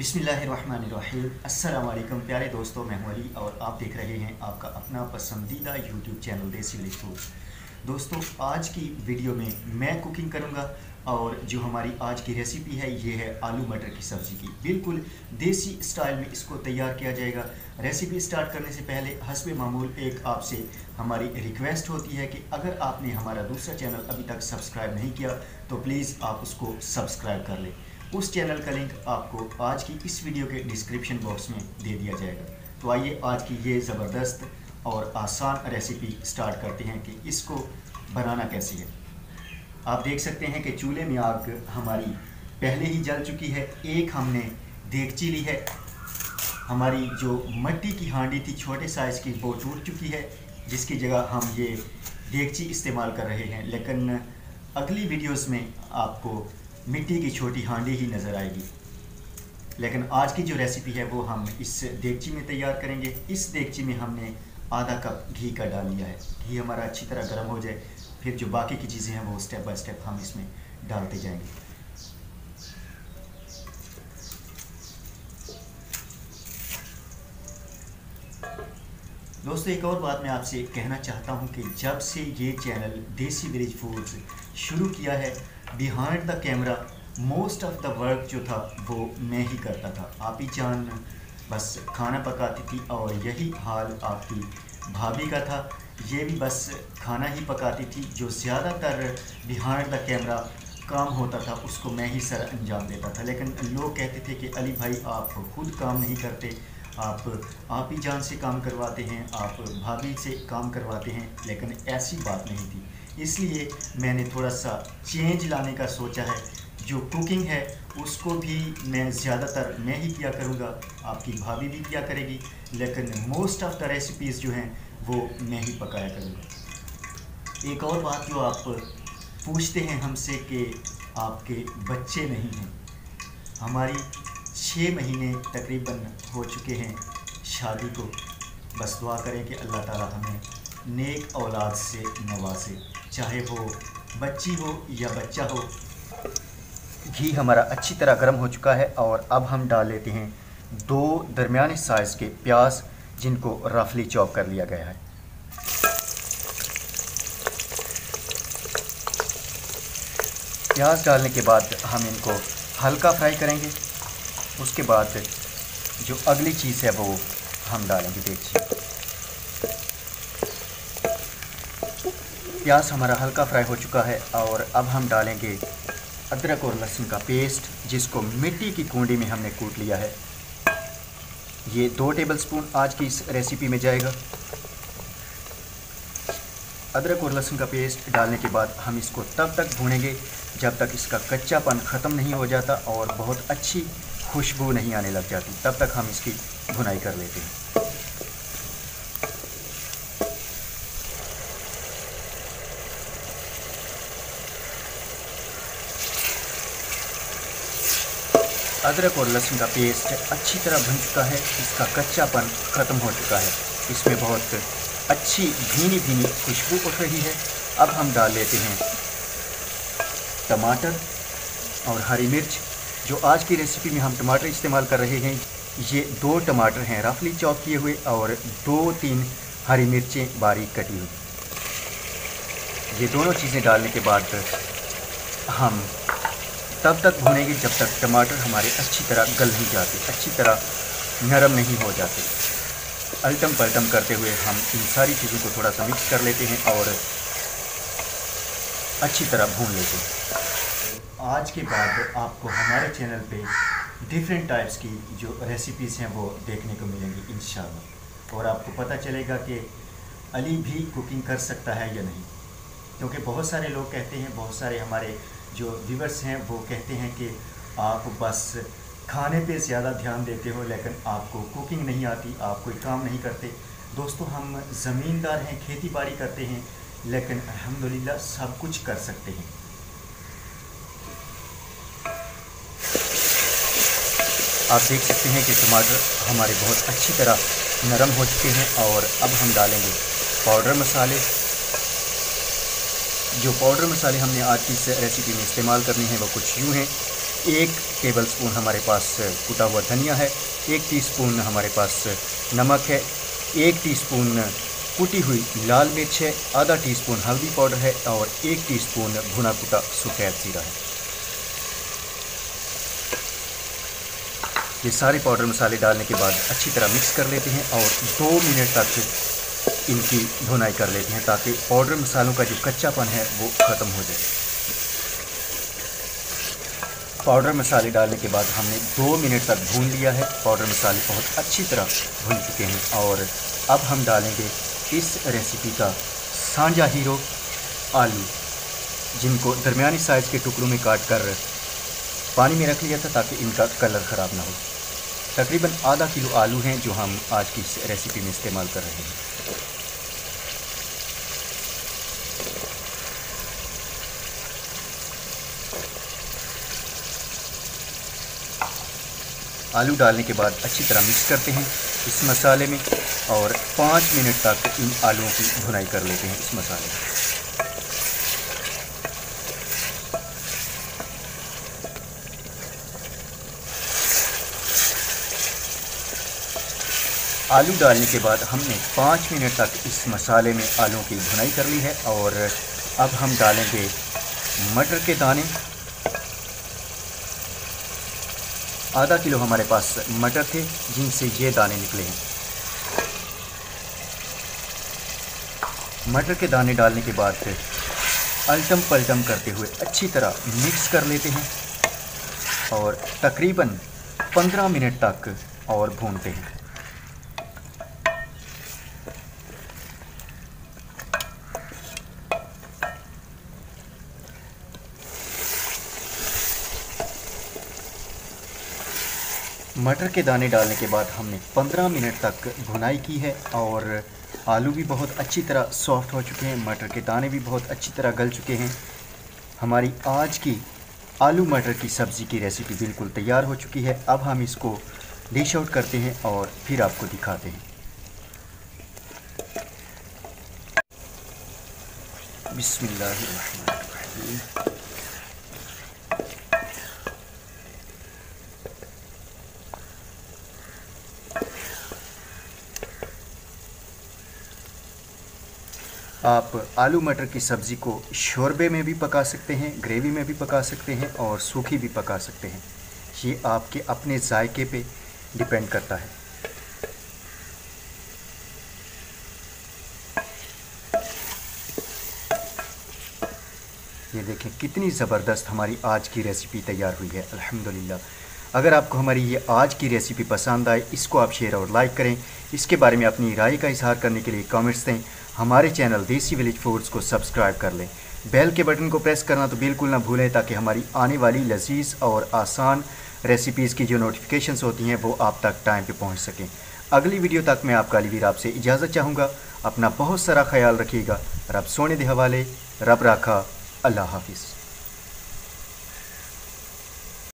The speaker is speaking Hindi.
अस्सलाम वालेकुम प्यारे दोस्तों मैं अली और आप देख रहे हैं आपका अपना पसंदीदा YouTube channel Desi Village Food दोस्तों आज की वीडियो में मैं कुकिंग करूंगा और जो हमारी आज की रेसिपी है ये है आलू मटर की सब्ज़ी की बिल्कुल देसी स्टाइल में इसको तैयार किया जाएगा रेसिपी स्टार्ट करने से पहले हसब मामूल एक आपसे हमारी रिक्वेस्ट होती है कि अगर आपने हमारा दूसरा चैनल अभी तक सब्सक्राइब नहीं किया तो प्लीज़ आप उसको सब्सक्राइब कर लें उस चैनल का लिंक आपको आज की इस वीडियो के डिस्क्रिप्शन बॉक्स में दे दिया जाएगा तो आइए आज की ये ज़बरदस्त और आसान रेसिपी स्टार्ट करते हैं कि इसको बनाना कैसे है आप देख सकते हैं कि चूल्हे में आग हमारी पहले ही जल चुकी है एक हमने देगची ली है हमारी जो मट्टी की हांडी थी छोटे साइज़ की वो टूट चुकी है जिसकी जगह हम ये देगची इस्तेमाल कर रहे हैं लेकिन अगली वीडियोस में आपको मिट्टी की छोटी हांडी ही नज़र आएगी लेकिन आज की जो रेसिपी है वो हम इस देगची में तैयार करेंगे इस देगची में हमने आधा कप घी का डाल लिया है घी हमारा अच्छी तरह गर्म हो जाए फिर जो बाकी की चीज़ें हैं वो स्टेप बाय स्टेप हम इसमें डालते जाएंगे दोस्तों एक और बात मैं आपसे कहना चाहता हूं कि जब से ये चैनल देसी विलेज फूड्स शुरू किया है behind the camera most of the work जो था वो मैं ही करता था आप ही जान बस खाना पकाती थी और यही हाल आपकी भाभी का था ये भी बस खाना ही पकाती थी जो ज़्यादातर बिहाइंड द कैमरा काम होता था उसको मैं ही सर अंजाम देता था लेकिन लोग कहते थे कि अली भाई आप खुद काम नहीं करते आप आप ही जान से काम करवाते हैं आप भाभी से काम करवाते हैं लेकिन ऐसी बात नहीं थी इसलिए मैंने थोड़ा सा चेंज लाने का सोचा है जो कुकिंग है उसको भी मैं ज़्यादातर मैं ही किया करूँगा आपकी भाभी भी किया करेगी लेकिन मोस्ट ऑफ द रेसिपीज़ जो हैं वो मैं ही पकाया करूँगा एक और बात जो आप पूछते हैं हमसे कि आपके बच्चे नहीं हैं हमारी छः महीने तकरीबन हो चुके हैं शादी को बस दुआ करें कि अल्लाह ताला हमें नेक औलाद से नवाजे चाहे वो बच्ची हो या बच्चा हो घी हमारा अच्छी तरह गर्म हो चुका है और अब हम डाल लेते हैं दो दरमिया साइज़ के प्याज जिनको रफली चॉप कर लिया गया है प्याज डालने के बाद हम इनको हल्का फ्राई करेंगे उसके बाद जो अगली चीज़ है वो हम डालेंगे देखिए प्याज हमारा हल्का फ्राई हो चुका है और अब हम डालेंगे अदरक और लहसुन का पेस्ट जिसको मिट्टी की कूंडी में हमने कूट लिया है ये दो टेबलस्पून आज की इस रेसिपी में जाएगा अदरक और लहसुन का पेस्ट डालने के बाद हम इसको तब तक भूनेंगे जब तक इसका कच्चापन ख़त्म नहीं हो जाता और बहुत अच्छी खुशबू नहीं आने लग जाती तब तक हम इसकी भुनाई कर लेते हैं अदरक और लहसुन का पेस्ट अच्छी तरह भुन चुका है इसका कच्चापन ख़त्म हो चुका है इसमें बहुत अच्छी भीनी भीनी खुशबू उठ रही है अब हम डाल लेते हैं टमाटर और हरी मिर्च जो आज की रेसिपी में हम टमाटर इस्तेमाल कर रहे हैं ये दो टमाटर हैं रफली चॉप किए हुए और दो तीन हरी मिर्चें बारीक कटी हुई ये दोनों चीज़ें डालने के बाद हम तब तक भुनेंगे जब तक टमाटर हमारे अच्छी तरह गल नहीं जाते अच्छी तरह नरम नहीं हो जाते अल्टम पलटम करते हुए हम इन सारी चीज़ों को थोड़ा सा मिक्स कर लेते हैं और अच्छी तरह भून लेते हैं आज के बाद आपको हमारे चैनल पे डिफरेंट टाइप्स की जो रेसिपीज़ हैं वो देखने को मिलेंगी इन और आपको पता चलेगा कि अली भी कुकिंग कर सकता है या नहीं क्योंकि बहुत सारे लोग कहते हैं बहुत सारे हमारे जो व्यूवर्स हैं वो कहते हैं कि आप बस खाने पे ज़्यादा ध्यान देते हो लेकिन आपको कुकिंग नहीं आती आप कोई काम नहीं करते दोस्तों हम ज़मींदार हैं खेती बाड़ी करते हैं लेकिन अलहमदिल्ला सब कुछ कर सकते हैं आप देख सकते हैं कि टमाटर हमारे बहुत अच्छी तरह नरम हो चुके हैं और अब हम डालेंगे पाउडर मसाले जो पाउडर मसाले हमने आज की इस रेसिपी में इस्तेमाल करने हैं वो कुछ यूँ हैं एक टेबल स्पून हमारे पास कुटा हुआ धनिया है एक टीस्पून हमारे पास नमक है एक टीस्पून कुटी हुई लाल मिर्च है आधा टीस्पून हल्दी पाउडर है और एक टीस्पून भुना कुटा सफ़ेद जीरा है ये सारे पाउडर मसाले डालने के बाद अच्छी तरह मिक्स कर लेते हैं और दो मिनट तक इनकी धुनाई कर लेते हैं ताकि पाउडर मसालों का जो कच्चापन है वो ख़त्म हो जाए पाउडर मसाले डालने के बाद हमने दो मिनट तक भून लिया है पाउडर मसाले बहुत अच्छी तरह भून चुके हैं और अब हम डालेंगे इस रेसिपी का सांझा हीरो आलू जिनको दरमिया साइज़ के टुकड़ों में काट कर पानी में रख लिया था ताकि इनका कलर ख़राब ना हो तकरीबन आधा किलो आलू हैं जो हम आज की इस रेसिपी में इस्तेमाल कर रहे हैं आलू डालने के बाद अच्छी तरह मिक्स करते हैं इस मसाले में और पाँच मिनट तक इन आलूओं की भुनाई कर लेते हैं इस मसाले में आलू डालने के बाद हमने पाँच मिनट तक इस मसाले में आलूओं की भुनाई कर ली है और अब हम डालेंगे मटर के दाने आधा किलो हमारे पास मटर थे जिनसे ये दाने निकले हैं मटर के दाने डालने के बाद फिर अलटम पलटम करते हुए अच्छी तरह मिक्स कर लेते हैं और तकरीबन 15 मिनट तक और भूनते हैं मटर के दाने डालने के बाद हमने 15 मिनट तक भुनाई की है और आलू भी बहुत अच्छी तरह सॉफ्ट हो चुके हैं मटर के दाने भी बहुत अच्छी तरह गल चुके हैं हमारी आज की आलू मटर की सब्ज़ी की रेसिपी बिल्कुल तैयार हो चुकी है अब हम इसको डिश आउट करते हैं और फिर आपको दिखाते हैं बिस्मिल्लाह आप आलू मटर की सब्ज़ी को शोरबे में भी पका सकते हैं ग्रेवी में भी पका सकते हैं और सूखी भी पका सकते हैं ये आपके अपने जायके पे डिपेंड करता है ये देखें कितनी ज़बरदस्त हमारी आज की रेसिपी तैयार हुई है अल्हम्दुलिल्लाह अगर आपको हमारी ये आज की रेसिपी पसंद आए इसको आप शेयर और लाइक करें इसके बारे में अपनी राय का इजहार करने के लिए कमेंट्स दें हमारे चैनल देसी विलेज फूड्स को सब्सक्राइब कर लें बेल के बटन को प्रेस करना तो बिल्कुल ना भूलें ताकि हमारी आने वाली लजीज और आसान रेसिपीज़ की जो नोटिफिकेशन होती हैं वो आप तक टाइम पर पहुँच सकें अगली वीडियो तक मैं आपका अलीवीर आपसे इजाज़त चाहूँगा अपना बहुत सारा ख्याल रखिएगा रब सोने के हवाले रब राखा अल्लाह हाफिज़